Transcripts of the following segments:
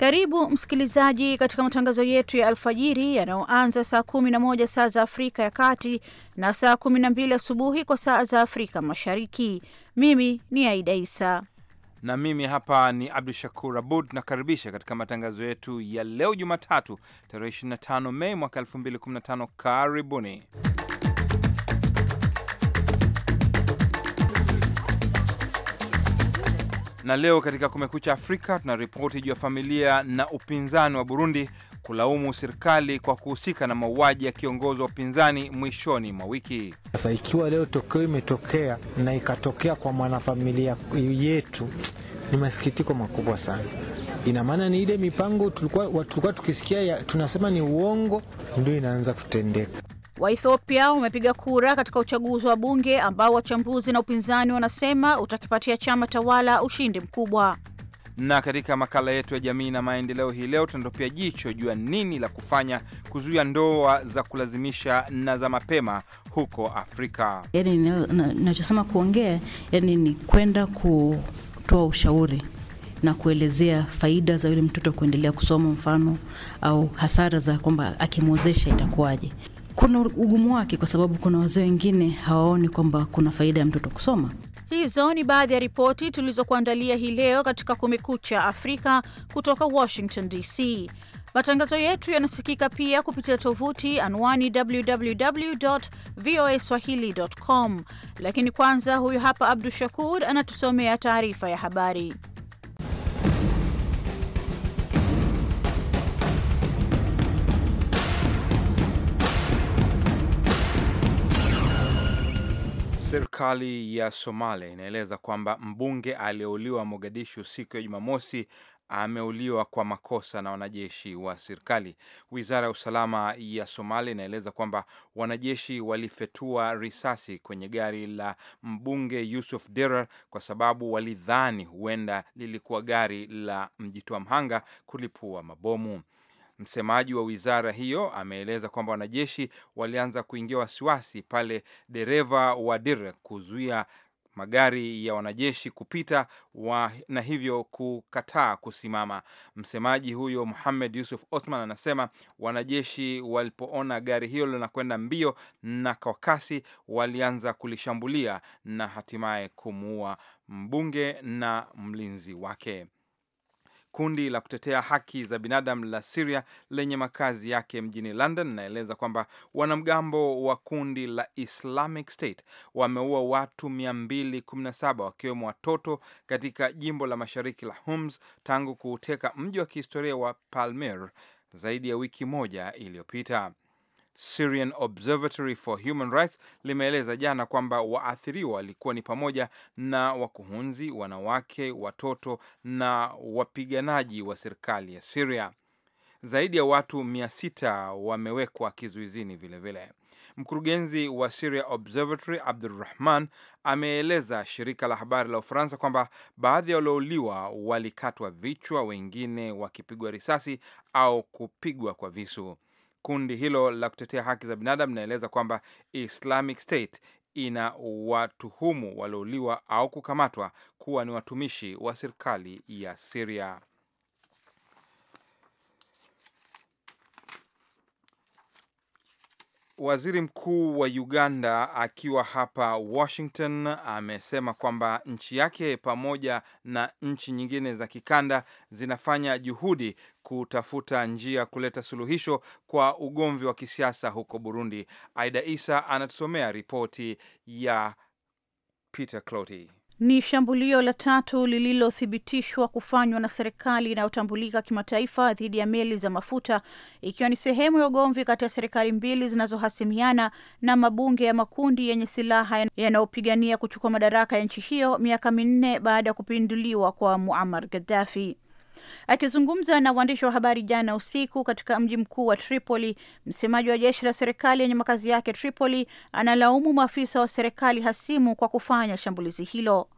Karibu msikilizaji katika matangazo yetu ya alfajiri yanayoanza saa 11 saa za Afrika ya Kati na saa 12 asubuhi kwa saa za Afrika Mashariki. Mimi ni Aida Isa na mimi hapa ni Abdu Shakur Abud, nakaribisha katika matangazo yetu ya leo Jumatatu tarehe 25 Mei mwaka 2015. Karibuni. Na leo katika Kumekucha Afrika tunaripoti juu ya familia na upinzani wa Burundi kulaumu serikali kwa kuhusika na mauaji ya kiongozi wa upinzani mwishoni mwa wiki. Sasa ikiwa leo tokeo imetokea na ikatokea kwa mwanafamilia yetu, ni masikitiko makubwa sana. Ina maana ni ile mipango tulikuwa tulikuwa tukisikia ya, tunasema ni uongo, ndio inaanza kutendeka. Waethiopia wamepiga kura katika uchaguzi wa bunge ambao wachambuzi na upinzani wanasema utakipatia chama tawala ushindi mkubwa. Na katika makala yetu ya jamii na maendeleo hii leo tunatopia jicho juu ya nini la kufanya kuzuia ndoa za kulazimisha na za mapema huko Afrika. Yani inachosema kuongea, yani ni kwenda kutoa ushauri na kuelezea faida za yule mtoto kuendelea kusoma mfano, au hasara za kwamba akimwozesha itakuwaje kuna ugumu wake, kwa sababu kuna wazee wengine hawaoni kwamba kuna faida ya mtoto kusoma. Hizo ni baadhi ya ripoti tulizokuandalia hii leo katika Kumekucha Afrika kutoka Washington DC. Matangazo yetu yanasikika pia kupitia tovuti anwani www voa swahili.com. Lakini kwanza, huyu hapa Abdu Shakur anatusomea taarifa ya habari. Serikali ya Somalia inaeleza kwamba mbunge aliyeuliwa Mogadishu siku ya Jumamosi ameuliwa kwa makosa na wanajeshi wa serikali. Wizara ya usalama ya Somalia inaeleza kwamba wanajeshi walifetua risasi kwenye gari la mbunge Yusuf Derar kwa sababu walidhani huenda lilikuwa gari la mjitoa mhanga kulipua mabomu. Msemaji wa wizara hiyo ameeleza kwamba wanajeshi walianza kuingia wasiwasi pale dereva wa Dire kuzuia magari ya wanajeshi kupita wa, na hivyo kukataa kusimama. Msemaji huyo Muhamed Yusuf Othman anasema wanajeshi walipoona gari hilo linakwenda mbio na kwa kasi, walianza kulishambulia na hatimaye kumuua mbunge na mlinzi wake. Kundi la kutetea haki za binadamu la siria lenye makazi yake mjini London linaeleza kwamba wanamgambo wa kundi la Islamic State wameua watu 217 wakiwemo watoto katika jimbo la mashariki la Homs tangu kuuteka mji wa kihistoria wa palmer zaidi ya wiki moja iliyopita. Syrian Observatory for Human Rights limeeleza jana kwamba waathiriwa walikuwa ni pamoja na wakuhunzi, wanawake, watoto na wapiganaji wa serikali ya Syria. Zaidi ya watu sita wamewekwa kizuizini vilevile vile. Mkurugenzi wa Syria Observatory Abdurrahman ameeleza shirika la habari la Ufaransa kwamba baadhi ya waliouliwa walikatwa vichwa, wengine wakipigwa risasi au kupigwa kwa visu. Kundi hilo la kutetea haki za binadamu linaeleza kwamba Islamic State ina watuhumu waliouliwa au kukamatwa kuwa ni watumishi wa serikali ya siria Waziri Mkuu wa Uganda akiwa hapa Washington amesema kwamba nchi yake pamoja na nchi nyingine za kikanda zinafanya juhudi kutafuta njia kuleta suluhisho kwa ugomvi wa kisiasa huko Burundi. Aida Isa anatusomea ripoti ya Peter Cloti. Ni shambulio la tatu lililothibitishwa kufanywa na serikali inayotambulika kimataifa dhidi ya meli za mafuta ikiwa ni sehemu ya ugomvi kati ya serikali mbili zinazohasimiana na mabunge ya makundi yenye silaha yanayopigania kuchukua madaraka ya nchi hiyo miaka minne baada ya kupinduliwa kwa Muammar Gaddafi. Akizungumza na waandishi wa habari jana usiku katika mji mkuu wa Tripoli, msemaji wa jeshi la serikali yenye makazi yake Tripoli analaumu maafisa wa serikali hasimu kwa kufanya shambulizi hilo.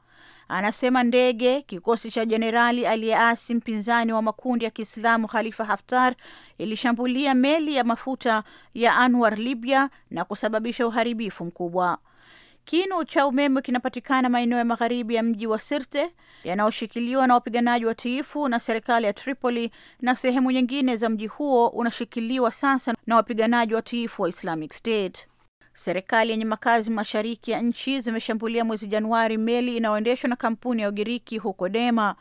Anasema ndege kikosi cha jenerali aliyeasi mpinzani wa makundi ya Kiislamu Khalifa Haftar ilishambulia meli ya mafuta ya Anwar Libya na kusababisha uharibifu mkubwa. Kinu cha umeme kinapatikana maeneo ya magharibi ya mji wa Sirte yanayoshikiliwa na wapiganaji wa tiifu na serikali ya Tripoli, na sehemu nyingine za mji huo unashikiliwa sasa na wapiganaji wa tiifu wa Islamic State. Serikali yenye makazi mashariki ya nchi zimeshambulia mwezi Januari meli inayoendeshwa na kampuni ya Ugiriki huko Dema,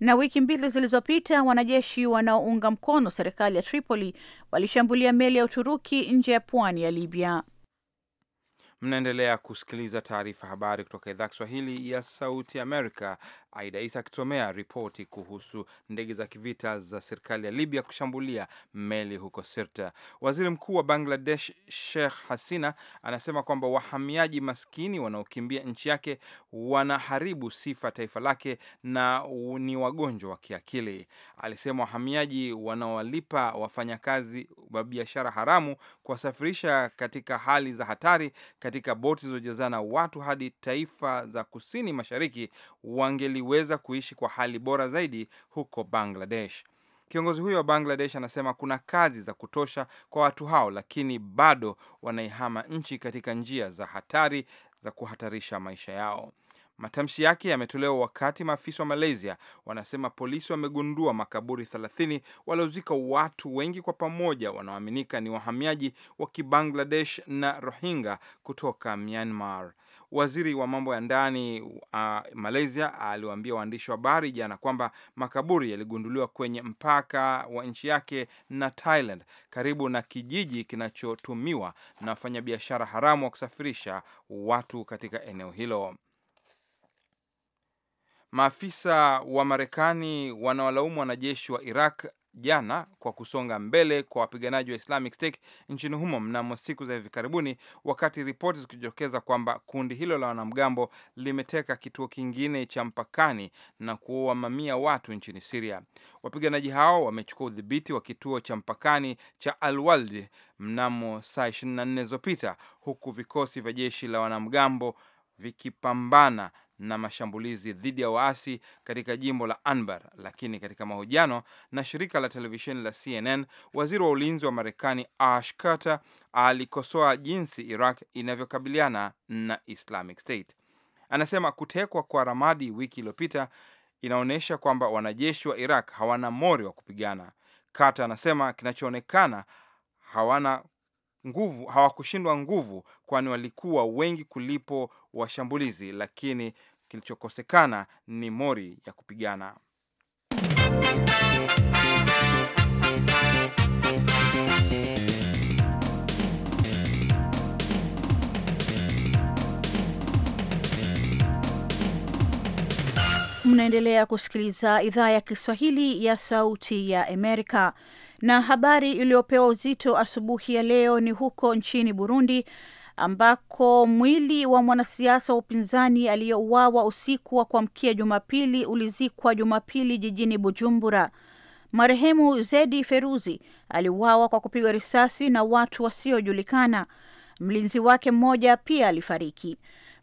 na wiki mbili zilizopita wanajeshi wanaounga mkono serikali ya Tripoli walishambulia meli ya Uturuki nje ya pwani ya Libya. Mnaendelea kusikiliza taarifa habari kutoka idhaa Kiswahili ya Sauti Amerika Aida Isa akitusomea ripoti kuhusu ndege za kivita za serikali ya Libya kushambulia meli huko Sirte. Waziri Mkuu wa Bangladesh Sheikh Hasina anasema kwamba wahamiaji maskini wanaokimbia nchi yake wanaharibu sifa taifa lake na ni wagonjwa wa kiakili. Alisema wahamiaji wanaowalipa wafanyakazi wa biashara haramu kuwasafirisha katika hali za hatari katika boti zilizojazana watu hadi taifa za kusini mashariki wangeli waliweza kuishi kwa hali bora zaidi huko Bangladesh. Kiongozi huyo wa Bangladesh anasema kuna kazi za kutosha kwa watu hao, lakini bado wanaihama nchi katika njia za hatari za kuhatarisha maisha yao. Matamshi yake yametolewa wakati maafisa wa Malaysia wanasema polisi wamegundua makaburi 30 waliozika watu wengi kwa pamoja wanaoaminika ni wahamiaji wa Kibangladesh na Rohingya kutoka Myanmar. Waziri wa mambo ya ndani uh, Malaysia aliwaambia waandishi wa habari jana kwamba makaburi yaligunduliwa kwenye mpaka wa nchi yake na Thailand karibu na kijiji kinachotumiwa na wafanyabiashara haramu wa kusafirisha watu katika eneo hilo. Maafisa wa Marekani wanawalaumu wanajeshi wa Iraq jana kwa kusonga mbele kwa wapiganaji wa Islamic State nchini humo mnamo siku za hivi karibuni, wakati ripoti zikijitokeza kwamba kundi hilo la wanamgambo limeteka kituo kingine cha mpakani na kuua mamia watu nchini Siria. Wapiganaji hao wamechukua udhibiti wa kituo cha mpakani cha al mnamo saa 24 zilizopita, huku vikosi vya jeshi la wanamgambo vikipambana na mashambulizi dhidi ya waasi katika jimbo la Anbar. Lakini katika mahojiano na shirika la televisheni la CNN, waziri wa ulinzi wa Marekani Ash Carter alikosoa jinsi Iraq inavyokabiliana na Islamic State. Anasema kutekwa kwa Ramadi wiki iliyopita inaonyesha kwamba wanajeshi wa Iraq hawana mori wa kupigana. Carter anasema kinachoonekana hawana nguvu, hawakushindwa nguvu, kwani walikuwa wengi kulipo washambulizi, lakini kilichokosekana ni mori ya kupigana. Mnaendelea kusikiliza idhaa ya Kiswahili ya Sauti ya Amerika na habari iliyopewa uzito asubuhi ya leo ni huko nchini Burundi ambako mwili wa mwanasiasa wa upinzani aliyeuawa usiku wa kuamkia Jumapili ulizikwa Jumapili jijini Bujumbura. Marehemu Zedi Feruzi aliuawa kwa kupigwa risasi na watu wasiojulikana. Mlinzi wake mmoja pia alifariki.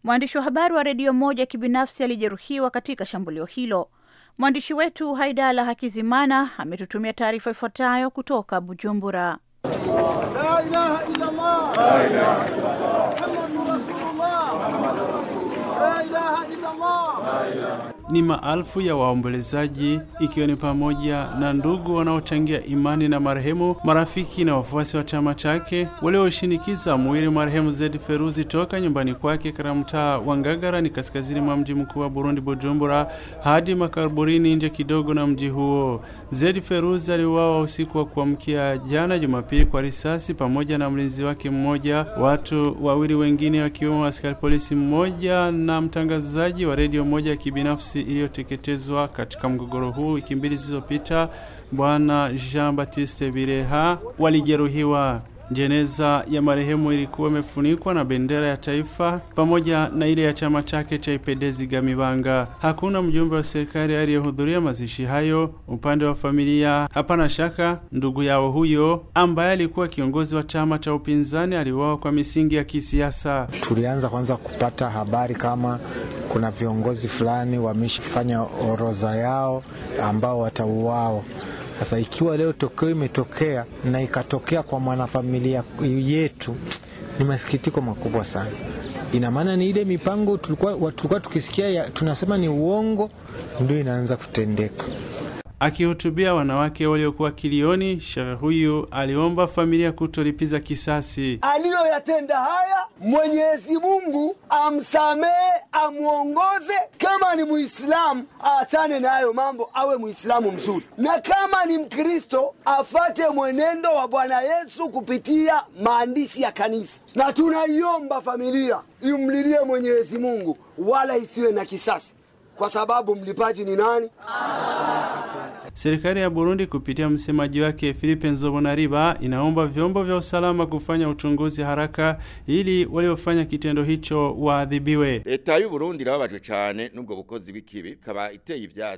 Mwandishi wa habari wa redio moja kibinafsi alijeruhiwa katika shambulio hilo. Mwandishi wetu Haidala Hakizimana ametutumia taarifa ifuatayo kutoka Bujumbura. La ilaha illallah. La ilaha illallah. ni maelfu ya waombolezaji, ikiwa ni pamoja na ndugu wanaochangia imani na marehemu, marafiki na wafuasi wa chama chake walioshinikiza mwili marehemu Zedi Feruzi toka nyumbani kwake katika mtaa wa Ngagara ni kaskazini mwa mji mkuu wa Burundi, Bujumbura, hadi makaburini nje kidogo na mji huo. Zedi Feruzi aliuawa usiku wa kuamkia jana Jumapili kwa risasi pamoja na mlinzi wake mmoja, watu wawili wengine wakiwemo askari polisi mmoja na mtangazaji wa redio moja ya kibinafsi iliyoteketezwa katika mgogoro huu wiki mbili zilizopita. Bwana Jean Baptiste Bireha walijeruhiwa Jeneza ya marehemu ilikuwa imefunikwa na bendera ya taifa pamoja na ile ya chama chake cha Ipedezi Gamibanga. Hakuna mjumbe wa serikali aliyehudhuria mazishi hayo. Upande wa familia, hapana shaka ndugu yao huyo ambaye alikuwa kiongozi wa chama cha upinzani aliuawa kwa misingi ya kisiasa. Tulianza kwanza kupata habari kama kuna viongozi fulani wameshafanya orodha yao ambao watauawa sasa ikiwa leo tokeo imetokea na ikatokea kwa mwanafamilia yetu, ni masikitiko makubwa sana. Ina maana ni ile mipango tulikuwa tulikuwa tukisikia ya, tunasema ni uongo, ndio inaanza kutendeka. Akihutubia wanawake waliokuwa kilioni, shehe huyu aliomba familia kutolipiza kisasi aliyoyatenda haya. Mwenyezi Mungu amsamehe, amwongoze. Kama ni Muislamu aachane na hayo mambo, awe Muislamu mzuri, na kama ni Mkristo afate mwenendo wa Bwana Yesu kupitia maandishi ya kanisa, na tunaiomba familia imlilie Mwenyezi Mungu, wala isiwe na kisasi kwa sababu mlipaji ni nani? Serikali ya Burundi kupitia msemaji wake Philippe Nzobonariba inaomba vyombo vya usalama kufanya uchunguzi haraka ili waliofanya kitendo hicho waadhibiwe.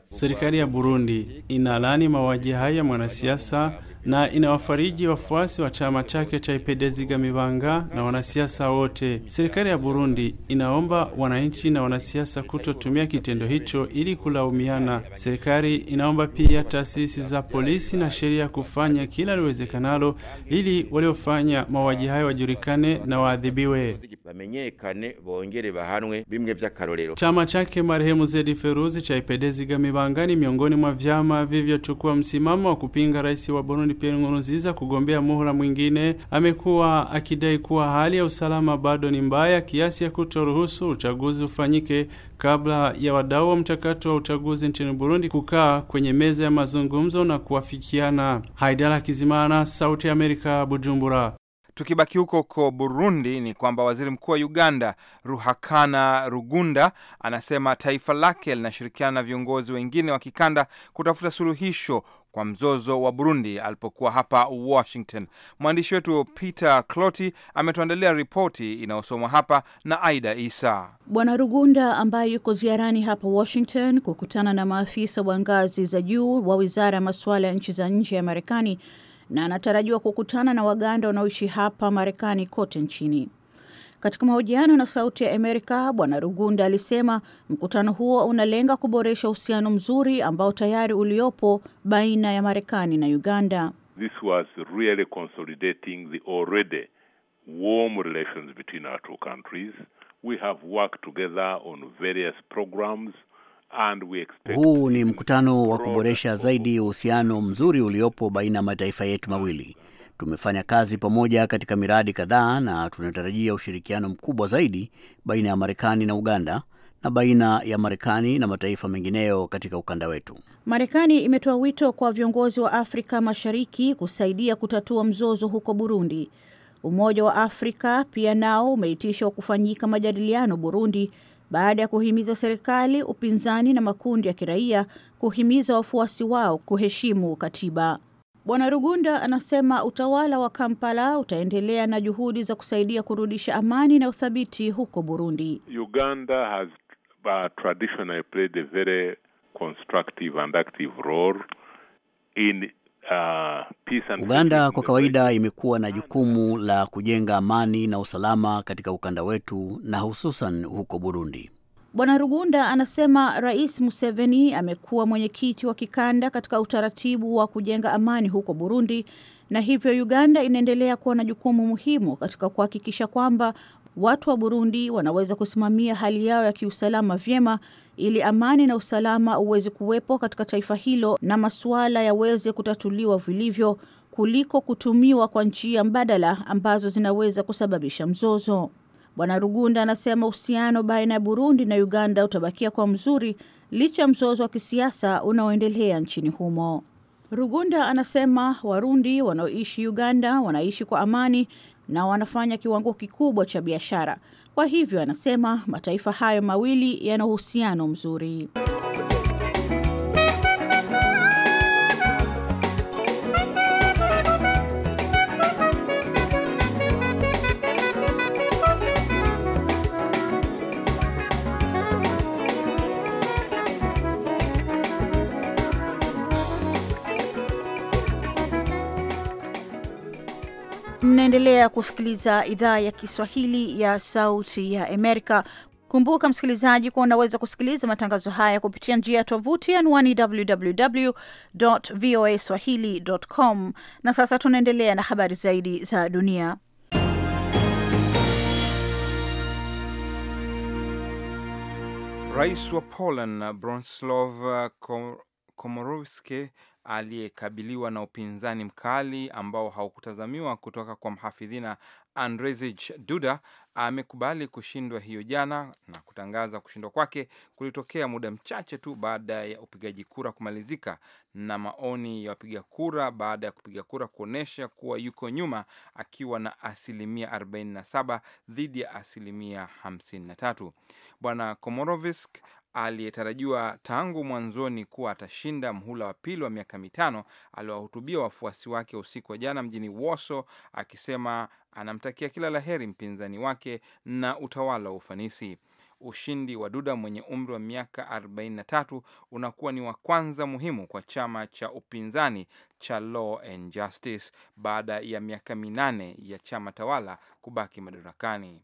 Serikali ya Burundi inalani mauaji haya mwanasiasa na inawafariji wafuasi wa chama chake cha Ipedezigamibanga na wanasiasa wote. Serikali ya Burundi inaomba wananchi na wanasiasa kutotumia kitendo hicho ili kulaumiana. Serikali inaomba pia taasisi za polisi na sheria kufanya kila liwezekanalo ili waliofanya mauaji hayo wajulikane na waadhibiwe. Chama chake marehemu Zedi Feruzi cha Ipedezigamibangaa ni miongoni mwa vyama vilivyochukua msimamo wa kupinga rais wa Burundi Pierre Nkurunziza kugombea muhula mwingine, amekuwa akidai kuwa hali ya usalama bado ni mbaya kiasi ya kutoruhusu uchaguzi ufanyike kabla ya wadau wa mchakato wa uchaguzi nchini Burundi kukaa kwenye meza ya mazungumzo na kuwafikiana. Haidara Kizimana, Sauti ya Amerika, Bujumbura. Tukibaki huko huko Burundi, ni kwamba waziri mkuu wa Uganda Ruhakana Rugunda anasema taifa lake linashirikiana na viongozi wengine wa kikanda kutafuta suluhisho kwa mzozo wa Burundi alipokuwa hapa Washington. Mwandishi wetu Peter Cloti ametuandalia ripoti inayosomwa hapa na Aida Isa. Bwana Rugunda ambaye yuko ziarani hapa Washington kukutana na maafisa wa ngazi za juu wa wizara ya masuala ya nchi za nje ya Marekani na anatarajiwa kukutana na Waganda wanaoishi hapa Marekani kote nchini. Katika mahojiano na Sauti ya Amerika, Bwana Rugunda alisema mkutano huo unalenga kuboresha uhusiano mzuri ambao tayari uliopo baina ya Marekani na Uganda. This was really consolidating the already warm relations between our two countries. We have worked together on various programs huu ni mkutano wa kuboresha zaidi uhusiano mzuri uliopo baina ya mataifa yetu mawili. Tumefanya kazi pamoja katika miradi kadhaa na tunatarajia ushirikiano mkubwa zaidi baina ya Marekani na Uganda na baina ya Marekani na mataifa mengineyo katika ukanda wetu. Marekani imetoa wito kwa viongozi wa Afrika Mashariki kusaidia kutatua mzozo huko Burundi. Umoja wa Afrika pia nao umeitisha kufanyika majadiliano Burundi baada ya kuhimiza serikali, upinzani na makundi ya kiraia kuhimiza wafuasi wao kuheshimu katiba. Bwana Rugunda anasema utawala wa Kampala utaendelea na juhudi za kusaidia kurudisha amani na uthabiti huko Burundi. Uganda has traditionally played a very constructive and active role in uh, Uganda kwa kawaida imekuwa na jukumu la kujenga amani na usalama katika ukanda wetu na hususan huko Burundi. Bwana Rugunda anasema Rais Museveni amekuwa mwenyekiti wa kikanda katika utaratibu wa kujenga amani huko Burundi na hivyo Uganda inaendelea kuwa na jukumu muhimu katika kuhakikisha kwamba watu wa Burundi wanaweza kusimamia hali yao ya kiusalama vyema ili amani na usalama uweze kuwepo katika taifa hilo na masuala yaweze kutatuliwa vilivyo kuliko kutumiwa kwa njia mbadala ambazo zinaweza kusababisha mzozo. Bwana Rugunda anasema uhusiano baina ya Burundi na Uganda utabakia kwa mzuri licha ya mzozo wa kisiasa unaoendelea nchini humo. Rugunda anasema Warundi wanaoishi Uganda wanaishi kwa amani na wanafanya kiwango kikubwa cha biashara. Kwa hivyo, anasema mataifa hayo mawili yana uhusiano mzuri. Unaendelea kusikiliza idhaa ya Kiswahili ya Sauti ya Amerika. Kumbuka msikilizaji, kuwa unaweza kusikiliza matangazo haya kupitia njia ya tovuti anwani www voa swahili.com. Na sasa tunaendelea na habari zaidi za dunia. Rais wa Poland Bronislaw Komorowski aliyekabiliwa na upinzani mkali ambao haukutazamiwa kutoka kwa mhafidhina Andrzej Duda amekubali kushindwa hiyo jana, na kutangaza kushindwa kwake kulitokea muda mchache tu baada ya upigaji kura kumalizika na maoni ya wapiga kura baada ya kupiga kura kuonyesha kuwa yuko nyuma akiwa na asilimia 47 dhidi ya asilimia 53. Bwana Komorovisk aliyetarajiwa tangu mwanzoni kuwa atashinda mhula wa pili wa miaka mitano aliwahutubia wafuasi wake usiku wa jana mjini woso akisema anamtakia kila laheri mpinzani wake na utawala wa ufanisi. Ushindi wa Duda mwenye umri wa miaka 43 unakuwa ni wa kwanza muhimu kwa chama cha upinzani cha Law and Justice baada ya miaka minane ya chama tawala kubaki madarakani.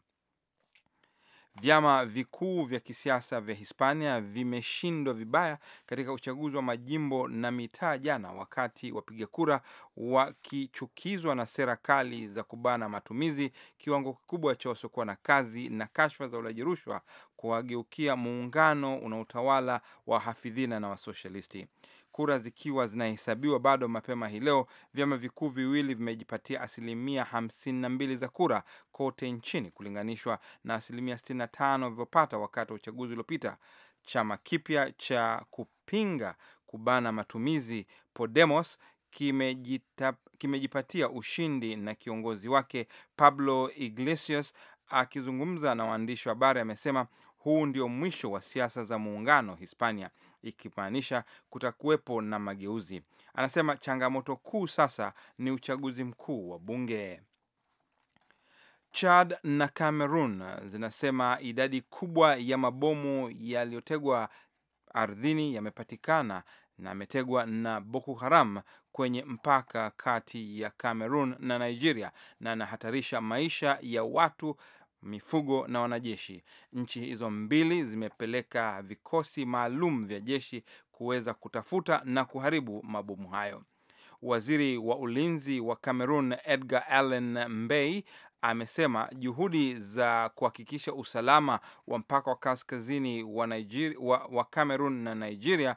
Vyama vikuu vya kisiasa vya Hispania vimeshindwa vibaya katika uchaguzi wa majimbo na mitaa jana, wakati wapiga kura wakichukizwa na serikali za kubana matumizi, kiwango kikubwa cha wasiokuwa na kazi na kashfa za ulaji rushwa, kuwageukia muungano unaotawala wa hafidhina na wasoshalisti kura zikiwa zinahesabiwa bado mapema hii leo, vyama vikuu viwili vimejipatia asilimia mbili za kura kote nchini kulinganishwa na asilimia tano vilivyopata wakati wa uchaguzi uliopita. Chama kipya cha kupinga kubana matumizi Podemos kimejipatia kime ushindi na kiongozi wake Pablo Iglesias akizungumza na waandishi wa habari amesema huu ndio mwisho wa siasa za muungano Hispania ikimaanisha kutakuwepo na mageuzi. Anasema changamoto kuu sasa ni uchaguzi mkuu wa bunge. Chad na Cameroon zinasema idadi kubwa ya mabomu yaliyotegwa ardhini yamepatikana na ametegwa na Boko Haram kwenye mpaka kati ya Cameroon na Nigeria na anahatarisha maisha ya watu mifugo na wanajeshi. Nchi hizo mbili zimepeleka vikosi maalum vya jeshi kuweza kutafuta na kuharibu mabomu hayo. Waziri wa ulinzi wa Cameroon Edgar Allen Mbey amesema juhudi za kuhakikisha usalama wa mpaka wa kaskazini wa, wa, wa Cameroon na Nigeria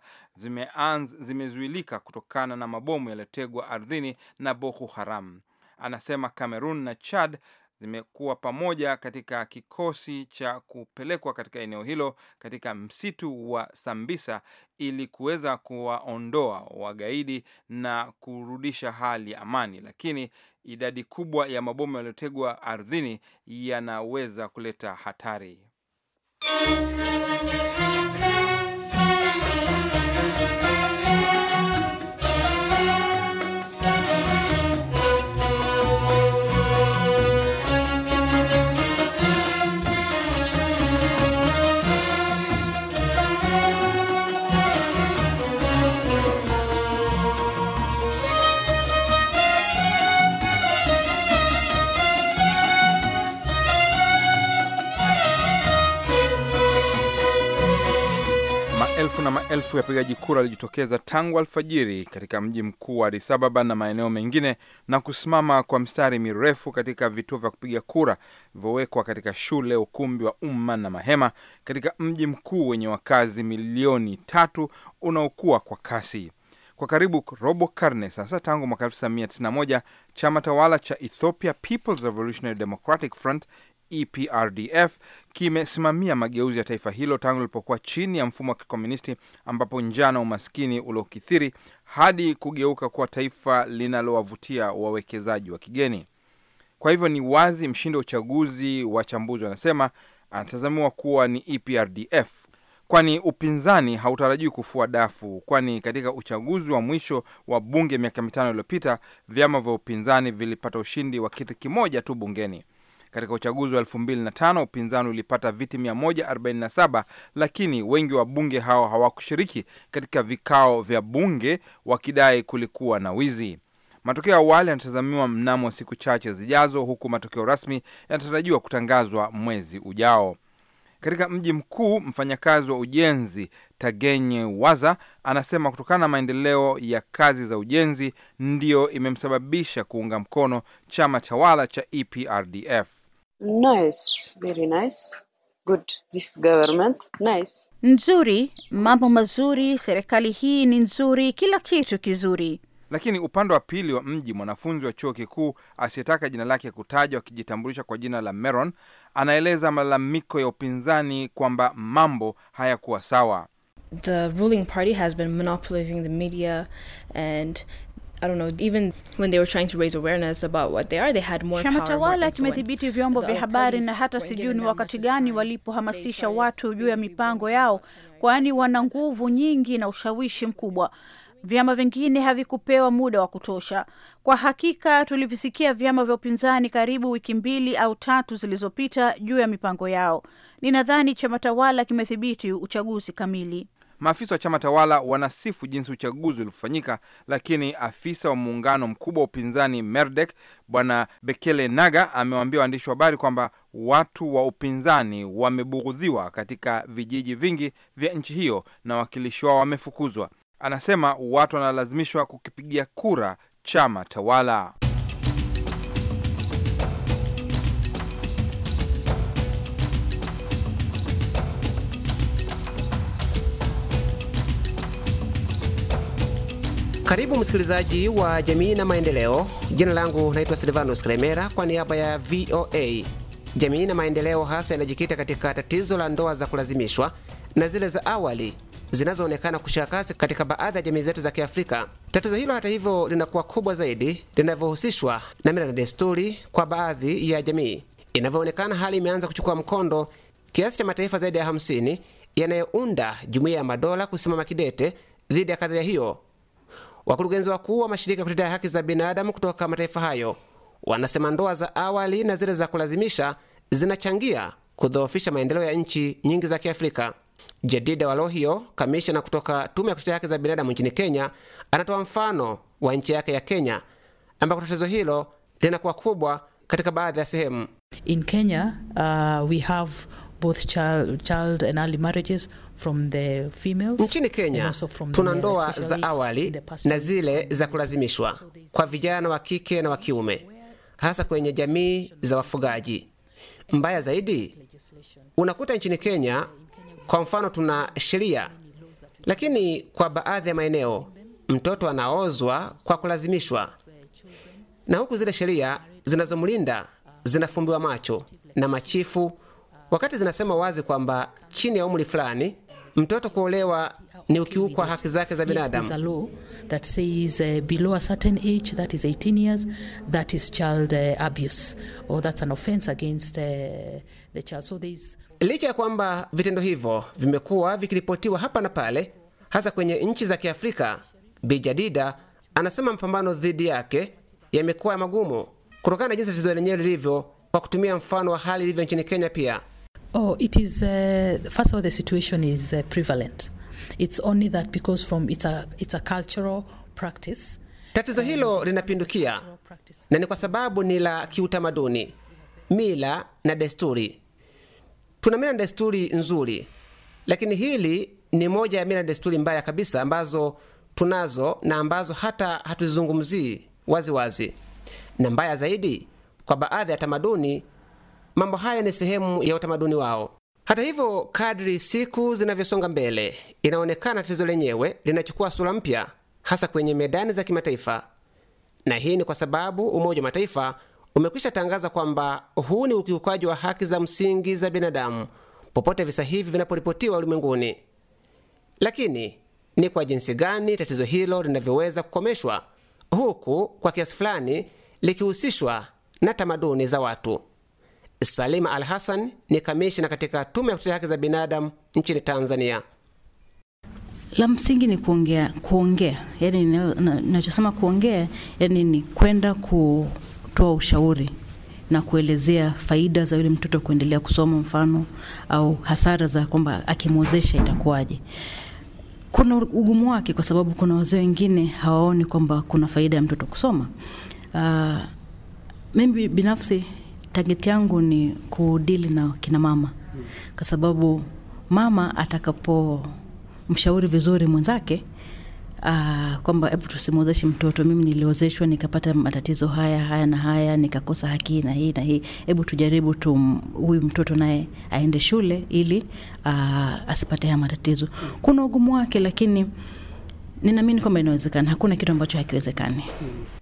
zimezuilika kutokana na mabomu yaliyotegwa ardhini na Boko Haram. Anasema Cameroon na Chad zimekuwa pamoja katika kikosi cha kupelekwa katika eneo hilo katika msitu wa Sambisa ili kuweza kuwaondoa wagaidi na kurudisha hali ya amani, lakini idadi kubwa ya mabomu yaliyotegwa ardhini yanaweza kuleta hatari. Maelfu na maelfu ya wapigaji kura walijitokeza tangu alfajiri katika mji mkuu wa Addis Ababa na maeneo mengine na kusimama kwa mstari mirefu katika vituo vya kupiga kura vilivyowekwa katika shule, ukumbi wa umma na mahema katika mji mkuu wenye wakazi milioni tatu unaokuwa kwa kasi. Kwa karibu robo karne sasa tangu mwaka 1991 chama tawala cha Ethiopia People's Revolutionary Democratic Front EPRDF kimesimamia mageuzi ya taifa hilo tangu lilipokuwa chini ya mfumo wa kikomunisti ambapo njaa na umaskini uliokithiri hadi kugeuka kuwa taifa linalowavutia wawekezaji wa kigeni. Kwa hivyo ni wazi mshindi wa uchaguzi, wachambuzi wanasema, anatazamiwa kuwa ni EPRDF kwani upinzani hautarajiwi kufua dafu, kwani katika uchaguzi wa mwisho wa bunge miaka mitano iliyopita vyama vya upinzani vilipata ushindi wa kiti kimoja tu bungeni. Katika uchaguzi wa 2005 upinzani ulipata viti 147, lakini wengi wa bunge hao hawakushiriki katika vikao vya bunge wakidai kulikuwa na wizi. Matokeo ya awali yanatazamiwa mnamo siku chache zijazo, huku matokeo rasmi yanatarajiwa kutangazwa mwezi ujao. Katika mji mkuu, mfanyakazi wa ujenzi Tagenye Waza anasema kutokana na maendeleo ya kazi za ujenzi ndiyo imemsababisha kuunga mkono chama tawala cha EPRDF. Nice, very nice. Good, this government nice. Nzuri, mambo mazuri, serikali hii ni nzuri, kila kitu kizuri. Lakini upande wa pili wa mji, mwanafunzi wa chuo kikuu asiyetaka jina lake kutajwa, akijitambulisha kwa jina la Meron, anaeleza malalamiko ya upinzani kwamba mambo hayakuwa sawa. The ruling party has been monopolizing the media and I don't know, even when they were trying to raise awareness about what they are, they had more chama tawala kimedhibiti vyombo vya habari na hata sijui ni wakati gani walipohamasisha watu juu ya mipango yao, kwani wana nguvu nyingi na ushawishi mkubwa. Vyama vingine havikupewa muda wa kutosha. Kwa hakika, tulivisikia vyama vya upinzani karibu wiki mbili au tatu zilizopita juu ya mipango yao. Ninadhani chama tawala kimethibiti uchaguzi kamili. Maafisa wa chama tawala wanasifu jinsi uchaguzi ulivyofanyika, lakini afisa wa muungano mkubwa wa upinzani Merdek, bwana Bekele Naga, amewaambia waandishi wa habari kwamba watu wa upinzani wamebughudhiwa katika vijiji vingi vya nchi hiyo na wawakilishi wao wamefukuzwa. Anasema watu wanalazimishwa kukipigia kura chama tawala. Karibu msikilizaji wa Jamii na Maendeleo. Jina langu naitwa Silvanus kremera kwa niaba ya VOA. Jamii na Maendeleo hasa yanajikita katika tatizo la ndoa za kulazimishwa na zile za awali zinazoonekana kushika kasi katika baadhi ya jamii zetu za Kiafrika. Tatizo hilo hata hivyo linakuwa kubwa zaidi linavyohusishwa na mila na desturi kwa baadhi ya jamii. Inavyoonekana, hali imeanza kuchukua mkondo kiasi cha mataifa zaidi ya 50 yanayounda Jumuiya ya Madola kusimama kidete dhidi ya kadhia hiyo Wakurugenzi wakuu wa mashirika ya kutetea haki za binadamu kutoka mataifa hayo wanasema ndoa za awali na zile za kulazimisha zinachangia kudhoofisha maendeleo ya nchi nyingi za Kiafrika. Jedida Walohio, kamishna kutoka tume ya kutetea haki za binadamu nchini Kenya, anatoa mfano wa nchi yake ya Kenya ambako tatizo hilo linakuwa kubwa katika baadhi ya sehemu. In Kenya, uh, we have both child, child and early marriages from the females. Nchini Kenya tuna ndoa za awali na zile za kulazimishwa kwa vijana wa kike na wa kiume, hasa kwenye jamii za wafugaji. Mbaya zaidi, unakuta nchini Kenya kwa mfano, tuna sheria lakini kwa baadhi ya maeneo mtoto anaozwa kwa kulazimishwa, na huku zile sheria zinazomlinda zinafumbiwa macho na machifu wakati zinasema wazi kwamba chini ya umri fulani mtoto kuolewa ni ukiukwa haki zake za binadamu. Licha ya kwamba vitendo hivyo vimekuwa vikiripotiwa hapa na pale, hasa kwenye nchi za Kiafrika, Bijadida anasema mapambano dhidi yake yamekuwa ya magumu kutokana na jinsi tatizo lenyewe lilivyo, kwa kutumia mfano wa hali ilivyo nchini Kenya pia. Oh, it is, uh, first of all, the situation is uh, prevalent. It's only that because from it's a, it's a cultural practice. Tatizo hilo linapindukia na ni kwa sababu ni la kiutamaduni, mila na desturi. Tuna mila na desturi nzuri, lakini hili ni moja ya mila na desturi mbaya kabisa ambazo tunazo na ambazo hata hatuzizungumzii waziwazi, na mbaya zaidi kwa baadhi ya tamaduni Mambo haya ni sehemu ya utamaduni wao. Hata hivyo, kadri siku zinavyosonga mbele, inaonekana tatizo lenyewe linachukua sura mpya, hasa kwenye medani za kimataifa, na hii ni kwa sababu Umoja wa Mataifa umekwisha tangaza kwamba huu ni ukiukaji wa haki za msingi za binadamu popote visa hivi vinaporipotiwa ulimwenguni. Lakini ni kwa jinsi gani tatizo hilo linavyoweza kukomeshwa, huku kwa kiasi fulani likihusishwa na tamaduni za watu? Salima Al Hassan ni kamishna katika tume ya kutetea haki za binadamu nchini Tanzania. La msingi ni kuongea, kuongea yani nachosema na, kuongea yani ni kwenda kutoa ushauri na kuelezea faida za yule mtoto kuendelea kusoma mfano, au hasara za kwamba akimwozesha itakuwaje. Kuna ugumu wake, kwa sababu kuna wazee wengine hawaoni kwamba kuna faida ya mtoto kusoma. Uh, mimi binafsi target yangu ni kudili na kina mama kwa sababu mama atakapomshauri vizuri mwenzake uh, kwamba hebu tusimwozeshe mtoto mimi niliozeshwa nikapata matatizo haya haya na haya nikakosa haki na hii na hii hebu tujaribu tu huyu mtoto naye aende shule ili uh, asipate haya matatizo kuna ugumu wake lakini ninaamini kwamba inawezekana hakuna kitu ambacho hakiwezekani hmm.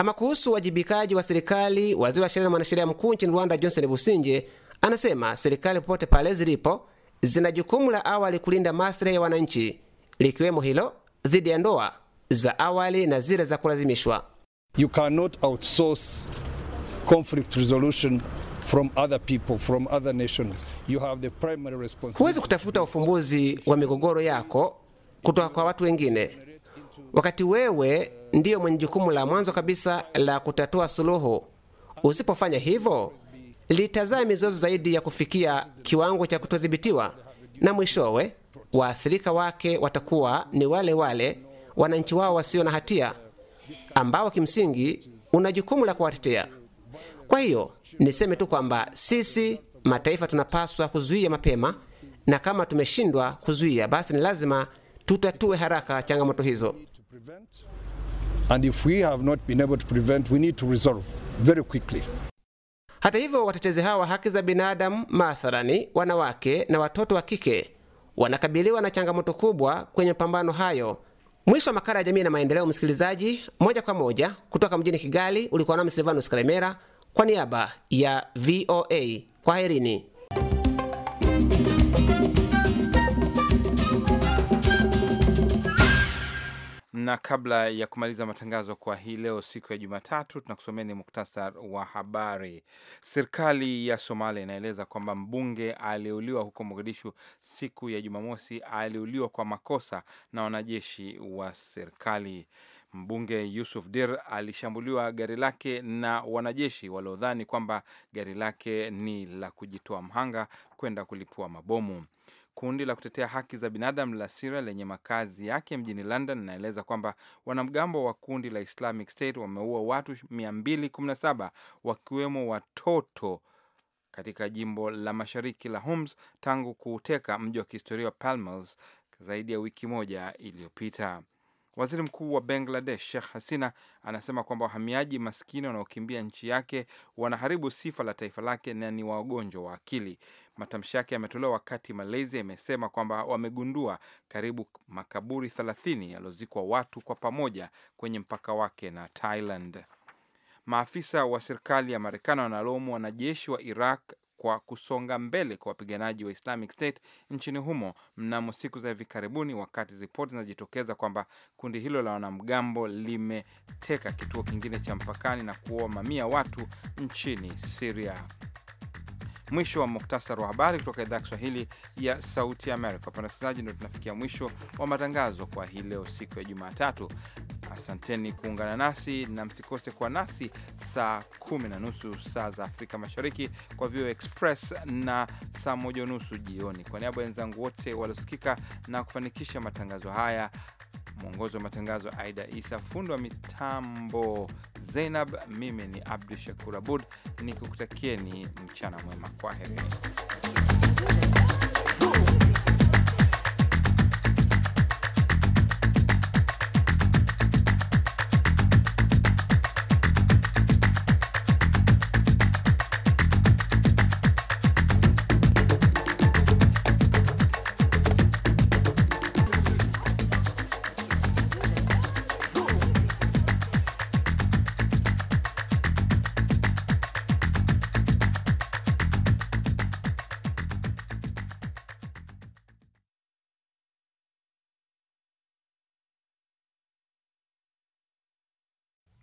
Ama kuhusu uwajibikaji wa serikali, waziri wa sheria na mwanasheria mkuu nchini Rwanda Johnson Businje anasema serikali popote pale zilipo zina jukumu la awali kulinda maslahi ya wananchi, likiwemo hilo dhidi ya ndoa za awali na zile za kulazimishwa. You cannot outsource conflict resolution from other people, from other nations. You have the primary responsibility. Huwezi kutafuta ufumbuzi wa migogoro yako kutoka kwa watu wengine wakati wewe ndiyo mwenye jukumu la mwanzo kabisa la kutatua suluhu. Usipofanya hivyo, litazaa mizozo zaidi ya kufikia kiwango cha kutodhibitiwa, na mwishowe waathirika wake watakuwa ni wale wale wananchi wao wasio na hatia ambao kimsingi una jukumu la kuwatetea. Kwa hiyo niseme tu kwamba sisi mataifa tunapaswa kuzuia mapema, na kama tumeshindwa kuzuia, basi ni lazima tutatue haraka changamoto hizo. Hata hivyo watetezi hawa wa haki za binadamu mathalani wanawake na watoto wa kike wanakabiliwa na changamoto kubwa kwenye mapambano hayo. Mwisho wa makala ya jamii na maendeleo, msikilizaji, moja kwa moja kutoka mjini Kigali, ulikuwa nami Silvanus Kalemera kwa niaba ya VOA. Kwaherini. na kabla ya kumaliza matangazo kwa hii leo, siku ya Jumatatu, tunakusomea ni muktasar wa habari. Serikali ya Somalia inaeleza kwamba mbunge aliuliwa huko Mogadishu siku ya Jumamosi aliuliwa kwa makosa na wanajeshi wa serikali. Mbunge Yusuf Dir alishambuliwa gari lake na wanajeshi waliodhani kwamba gari lake ni la kujitoa mhanga kwenda kulipua mabomu. Kundi la kutetea haki za binadamu la Siria lenye makazi yake mjini London linaeleza kwamba wanamgambo wa kundi la Islamic State wameua watu 217 wakiwemo watoto katika jimbo la mashariki la Homs tangu kuuteka mji wa kihistoria wa Palmels zaidi ya wiki moja iliyopita. Waziri mkuu wa Bangladesh Sheikh Hasina anasema kwamba wahamiaji maskini wanaokimbia nchi yake wanaharibu sifa la taifa lake na ni wagonjwa wa akili. Matamshi yake yametolewa wakati Malaysia imesema kwamba wamegundua karibu makaburi 30 yaliozikwa watu kwa pamoja kwenye mpaka wake na Thailand. Maafisa wa serikali ya Marekani wanalaumu wanajeshi wa Iraq kwa kusonga mbele kwa wapiganaji wa Islamic State nchini humo mnamo siku za hivi karibuni, wakati ripoti zinajitokeza kwamba kundi hilo la wanamgambo limeteka kituo kingine cha mpakani na kuua mamia watu nchini siria Mwisho wa muktasari wa habari kutoka idhaa ya Kiswahili ya Sauti ya Amerika. Wapenda wasikilizaji, ndio tunafikia mwisho wa matangazo kwa hii leo, siku ya Jumatatu. Asanteni kuungana nasi na msikose kwa nasi saa kumi na nusu saa za Afrika Mashariki kwa VOA Express na saa moja nusu jioni. Kwa niaba ya wenzangu wote waliosikika na kufanikisha matangazo haya, mwongozi wa matangazo Aida Isa, fundi wa mitambo Zeinab, mimi ni Abdu Shakur Abud nikikutakieni mchana mwema, kwa heri.